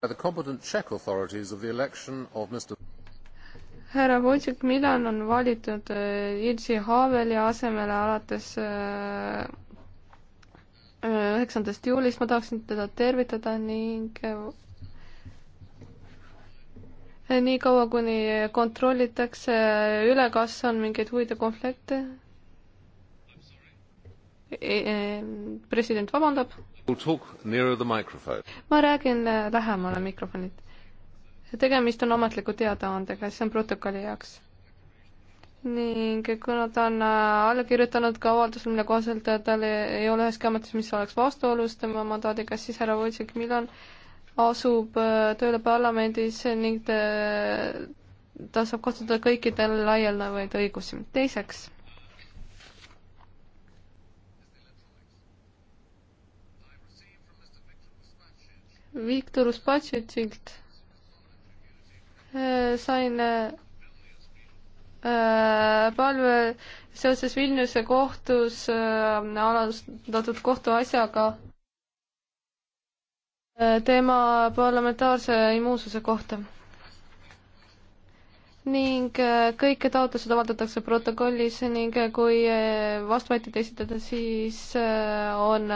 by the competent Czech authorities of the election of Mr. härra Wojciech Milan on valitud Jiří äh, Haveli asemele alates äh, äh, üheksandast juulist, ma tahaksin teda tervitada ning niikaua, kuni kontrollitakse üle, kas on mingeid huvide konflikte E, e, president vabandab. ma räägin äh, lähemale mikrofonit. tegemist on ametliku teadaandega, see on protokolli jaoks ning kuna ta on äh, alla kirjutanud ka avaldusele, mille kohaselt äh, tal ei ole üheski ametis, mis oleks vastuolus tema mandaadiga, siis härra Vojtšik, millal asub tööle parlamendis ning ta, ta saab kasutada kõikidel laialdavaid õigusi. teiseks Viktor Uspatšitšilt äh, sain äh, palve seoses Vilniuse kohtus äh, alustatud kohtuasjaga tema parlamentaarse immuunsuse kohta ning kõik taotlused avaldatakse protokollis ning kui vastuväiteid esitada, siis on